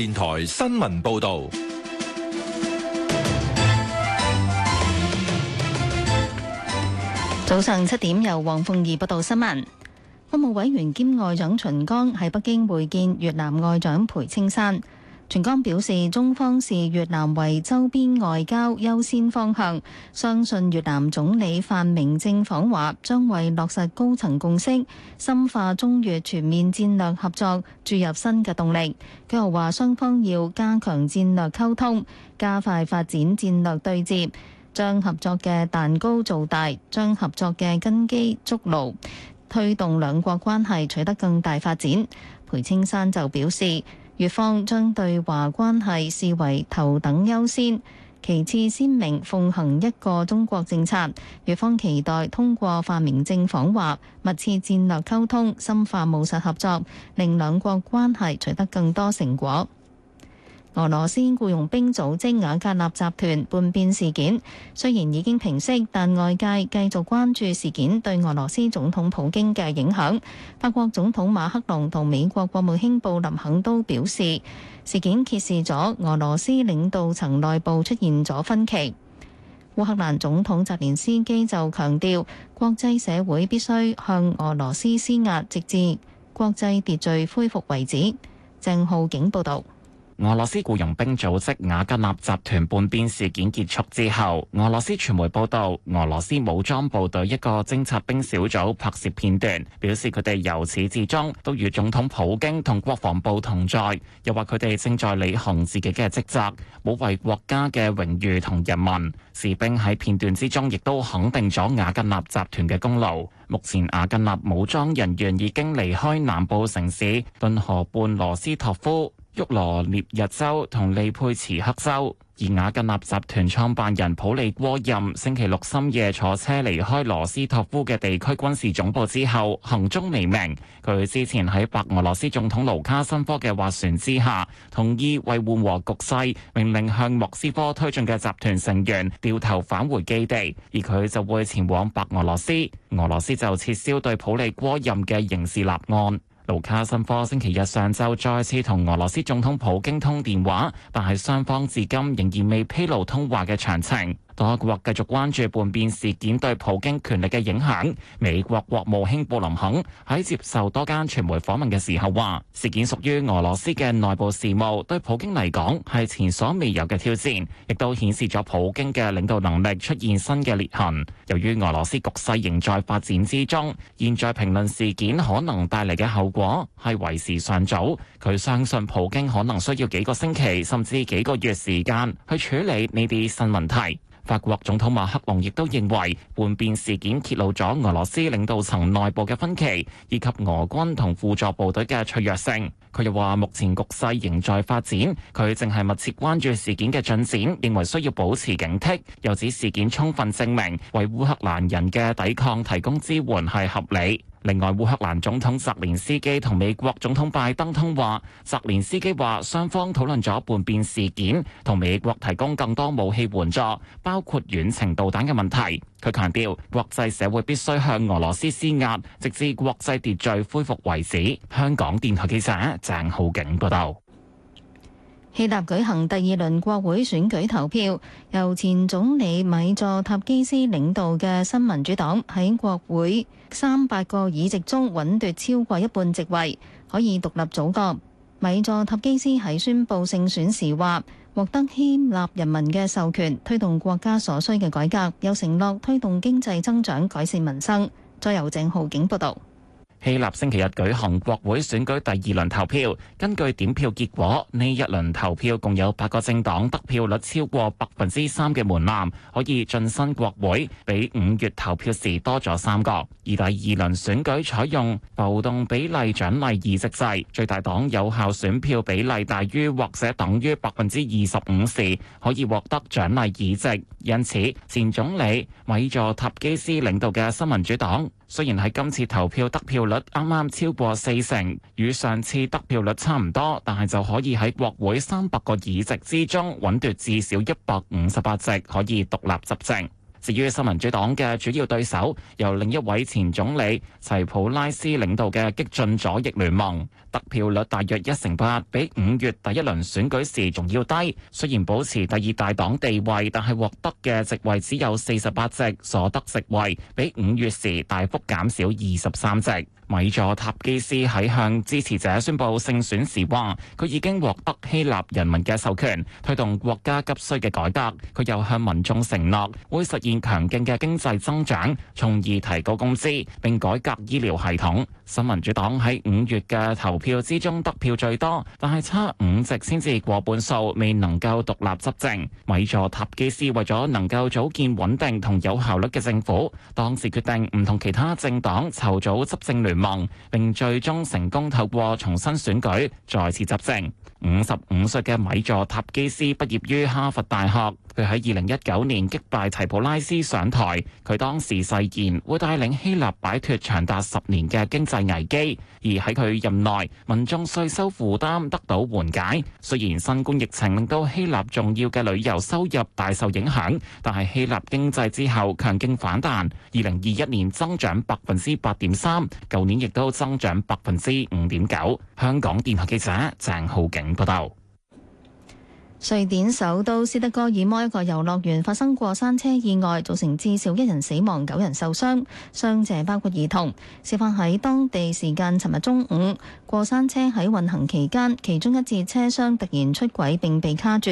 電台新聞報道。早上七點，由黃鳳儀報道新聞。國務委員兼外長秦剛喺北京會見越南外長裴青山。全江表示，中方視越南為周邊外交優先方向，相信越南總理范明政訪華將為落實高層共識，深化中越全面戰略合作注入新嘅動力。佢又話雙方要加強戰略溝通，加快發展戰略對接，將合作嘅蛋糕做大，將合作嘅根基築牢，推動兩國關係取得更大發展。裴青山就表示，越方將對華關係視為頭等優先，其次鮮明奉行一個中國政策。越方期待通過范明政訪華、密切戰略溝通、深化務實合作，令兩國關係取得更多成果。俄羅斯僱傭兵組織瓦格納集團叛變事件雖然已經平息，但外界繼續關注事件對俄羅斯總統普京嘅影響。法國總統馬克龍同美國國務卿布林肯都表示，事件揭示咗俄羅斯領導層內部出現咗分歧。烏克蘭總統澤連斯基就強調，國際社會必須向俄羅斯施壓，直至國際秩序恢復為止。鄭浩景報導。俄羅斯僱傭兵組織華格納集團叛變事件結束之後，俄羅斯傳媒報道，俄羅斯武裝部隊一個偵察兵小組拍攝片段，表示佢哋由始至終都與總統普京同國防部同在，又話佢哋正在履行自己嘅職責，保衛國家嘅榮譽同人民。士兵喺片段之中亦都肯定咗華格納集團嘅功勞。目前華格納武裝人員已經離開南部城市頓河畔羅斯托夫。沃羅涅日州同利佩茨克州，而瓦格納集團創辦人普利戈任星期六深夜坐車離開羅斯托夫嘅地區軍事總部之後，行蹤未明。佢之前喺白俄羅斯總統盧卡申科嘅斡旋之下，同意為緩和局勢，命令向莫斯科推進嘅集團成員掉頭返回基地，而佢就會前往白俄羅斯。俄羅斯就撤銷對普利戈任嘅刑事立案。盧卡申科星期日上晝再次同俄羅斯總統普京通電話，但係雙方至今仍然未披露通話嘅詳情。多國繼續關注叛變事件對普京權力嘅影響。美國國務卿布林肯喺接受多間傳媒訪問嘅時候話：事件屬於俄羅斯嘅內部事務，對普京嚟講係前所未有嘅挑戰，亦都顯示咗普京嘅領導能力出現新嘅裂痕。由於俄羅斯局勢仍在發展之中，現在評論事件可能帶嚟嘅後果係為時尚早。佢相信普京可能需要幾個星期甚至幾個月時間去處理呢啲新問題。法國總統馬克龍亦都認為叛變事件揭露咗俄羅斯領導層內部嘅分歧，以及俄軍同輔助部隊嘅脆弱性。佢又話目前局勢仍在發展，佢淨係密切關注事件嘅進展，認為需要保持警惕，又指事件充分證明為烏克蘭人嘅抵抗提供支援係合理。另外，烏克蘭總統澤連斯基同美國總統拜登通話。澤連斯基話雙方討論咗叛變事件，同美國提供更多武器援助，包括遠程導彈嘅問題。佢強調，國際社會必須向俄羅斯施壓，直至國際秩序恢復為止。香港電台記者鄭浩景報道。希臘舉行第二輪國會選舉投票，由前總理米佐塔基斯領導嘅新民主黨喺國會三百個議席中穩奪超過一半席位，可以獨立組閣。米佐塔基斯喺宣布勝選時話：獲得希臘人民嘅授權，推動國家所需嘅改革，有承諾推動經濟增長、改善民生。再由鄭浩景報道。希臘星期日舉行國會選舉第二輪投票，根據點票結果，呢一輪投票共有八個政黨得票率超過百分之三嘅門檻，可以晉身國會，比五月投票時多咗三個。而第二輪選舉採用浮動比例獎勵議席制，最大黨有效選票比例大於或者等於百分之二十五時，可以獲得獎勵議席。因此，前總理米佐塔基斯領導嘅新民主黨，雖然喺今次投票得票率啱啱超過四成，與上次得票率差唔多，但係就可以喺國會三百個議席之中穩奪至少一百五十八席，可以獨立執政。至於新民主黨嘅主要對手，由另一位前總理齊普拉斯領導嘅激進左翼聯盟，得票率大約一成八，比五月第一輪選舉時仲要低。雖然保持第二大黨地位，但係獲得嘅席位只有四十八席，所得席位比五月時大幅減少二十三席。米佐塔基斯喺向支持者宣布勝選時話，佢已經獲得希臘人民嘅授權，推動國家急需嘅改革。佢又向民眾承諾，會實現強勁嘅經濟增長，從而提高工資，並改革醫療系統。新民主黨喺五月嘅投票之中得票最多，但係差五席先至過半數，未能夠獨立執政。米佐塔基斯為咗能夠組建穩定同有效率嘅政府，當時決定唔同其他政黨籌組執政聯盟，並最終成功透過重新選舉再次執政。五十五歲嘅米佐塔基斯畢業於哈佛大學。佢喺二零一九年擊敗齊普拉斯上台，佢當時誓言會帶領希臘擺脱長達十年嘅經濟危機，而喺佢任內，民眾稅收負擔得到緩解。雖然新冠疫情令到希臘重要嘅旅遊收入大受影響，但係希臘經濟之後強勁反彈，二零二一年增長百分之八點三，舊年亦都增長百分之五點九。香港電台記者鄭浩景報道。瑞典首都斯德哥爾摩一個遊樂園發生過山車意外，造成至少一人死亡、九人受傷，傷者包括兒童。事發喺當地時間尋日中午，過山車喺運行期間，其中一節車廂突然出軌並被卡住，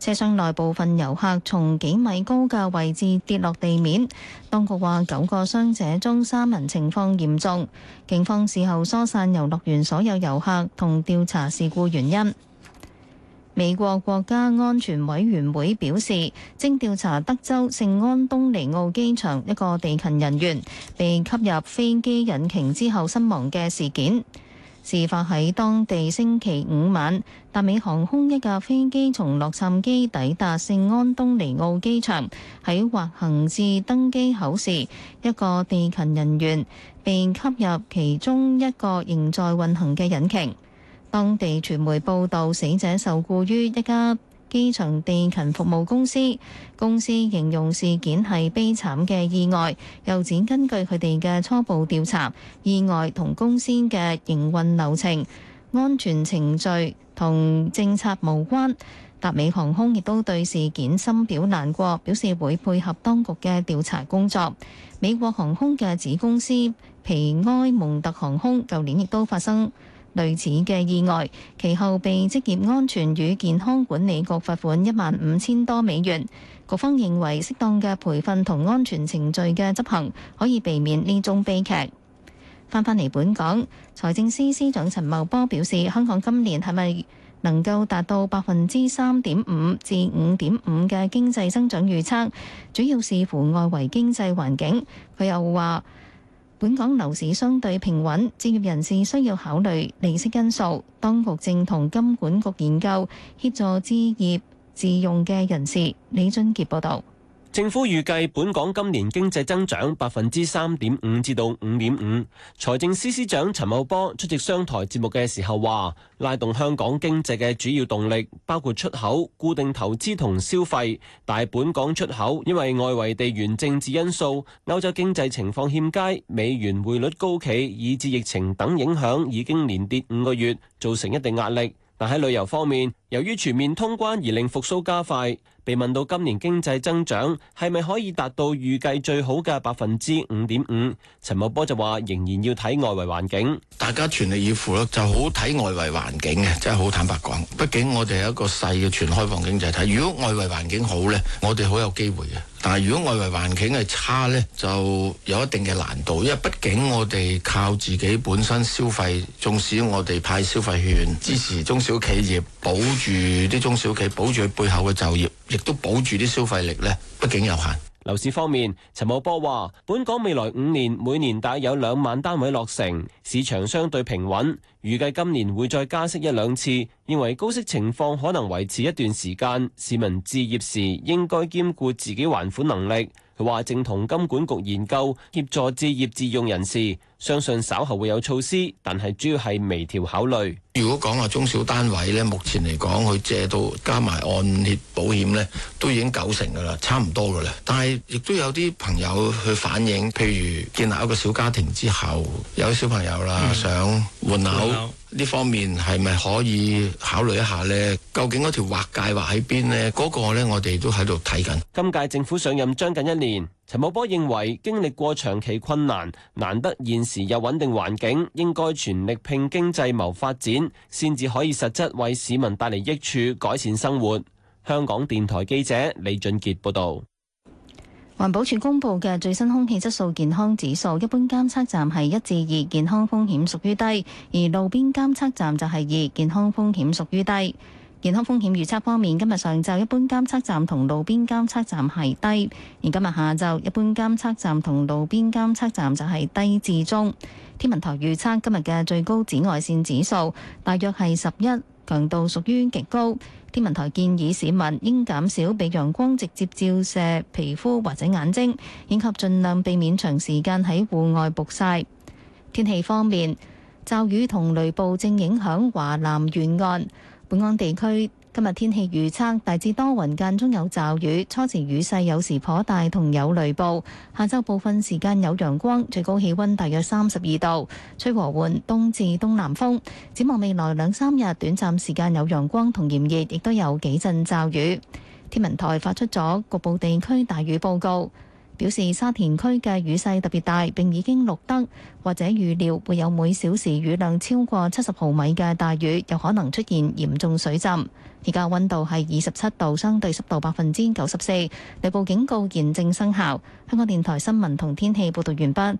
車廂內部分遊客從幾米高嘅位置跌落地面。當局話九個傷者中三人情況嚴重。警方事後疏散遊樂園所有遊客，同調查事故原因。美國國家安全委員會表示，正調查德州聖安東尼奧機場一個地勤人員被吸入飛機引擎之後身亡嘅事件。事發喺當地星期五晚，達美航空一架飛機從洛杉磯抵達聖安東尼奧機場，喺滑行至登機口時，一個地勤人員被吸入其中一個仍在運行嘅引擎。當地傳媒報道，死者受雇於一家機場地勤服務公司。公司形容事件係悲慘嘅意外，又指根據佢哋嘅初步調查，意外同公司嘅營運流程、安全程序同政策無關。達美航空亦都對事件深表難過，表示會配合當局嘅調查工作。美國航空嘅子公司皮埃蒙特航空舊年亦都發生類似嘅意外，其後被職業安全與健康管理局罰款一萬五千多美元。局方認為適當嘅培訓同安全程序嘅執行可以避免呢種悲劇。翻返嚟本港，財政司司長陳茂波表示，香港今年係咪能夠達到百分之三點五至五點五嘅經濟增長預測，主要視乎外圍經濟環境。佢又話，本港樓市相對平穩，置業人士需要考慮利息因素。當局正同金管局研究協助置業自用嘅人士。李俊傑報導。政府預計本港今年經濟增長百分之三點五至到五點五。財政司司長陳茂波出席商台節目嘅時候話，拉動香港經濟嘅主要動力包括出口、固定投資同消費。但本港出口因為外圍地緣政治因素、歐洲經濟情況欠佳、美元匯率高企，以至疫情等影響已經連跌五個月，造成一定壓力。但喺旅遊方面，由於全面通關而令復甦加快。被問到今年經濟增長係咪可以達到預計最好嘅百分之五點五，陳茂波就話仍然要睇外圍環境。大家全力以赴咯，就好睇外圍環境嘅，真係好坦白講。畢竟我哋係一個細嘅全開放經濟體，如果外圍環境好呢，我哋好有機會嘅。但如果外圍環境係差呢，就有一定嘅難度，因為畢竟我哋靠自己本身消費，縱使我哋派消費券支持中小企業，保住啲中小企業，保住佢背後嘅就業，亦都保住啲消費力呢，畢竟有限。樓市方面，陳茂波話，本港未來五年每年大概有兩萬單位落成，市場相對平穩，預計今年會再加息一兩次。認為高息情況可能維持一段時間，市民置業時應該兼顧自己還款能力。佢話正同金管局研究協助置業自用人士，相信稍後會有措施，但係主要係微調考慮。如果講話中小單位咧，目前嚟講，佢借到加埋按揭保險咧，都已經九成噶啦，差唔多噶啦。但係亦都有啲朋友去反映，譬如建立一個小家庭之後，有小朋友啦，想換樓。嗯換呢方面係咪可以考慮一下咧？究竟嗰條畫界劃喺邊咧？嗰個咧，我哋都喺度睇緊。今屆政府上任將近一年，陳茂波認為經歷過長期困難，難得現時有穩定環境，應該全力拼經濟謀發展，先至可以實質為市民帶嚟益處改善生活。香港電台記者李俊杰報道。環保署公布嘅最新空氣質素健康指數，一般監測站係一至二，健康風險屬於低；而路邊監測站就係二，健康風險屬於低。健康風險預測方面，今日上晝一般監測站同路邊監測站係低，而今日下晝一般監測站同路邊監測站就係低至中。天文台預測今日嘅最高紫外線指數大約係十一。強度屬於極高，天文台建議市民應減少被陽光直接照射皮膚或者眼睛，以及盡量避免長時間喺戶外曝曬。天氣方面，驟雨同雷暴正影響華南沿岸，本港地區。今日天氣預測，大致多雲，間中有驟雨，初時雨勢有時頗大，同有雷暴。下晝部分時間有陽光，最高氣溫大約三十二度，吹和緩東至東南風。展望未來兩三日，短暫時間有陽光同炎熱，亦都有幾陣驟雨。天文台發出咗局部地區大雨報告。表示沙田區嘅雨勢特別大，並已經錄得或者預料會有每小時雨量超過七十毫米嘅大雨，有可能出現嚴重水浸。而家溫度係二十七度，相對濕度百分之九十四。雷暴警告現正生效。香港電台新聞同天氣報道完畢。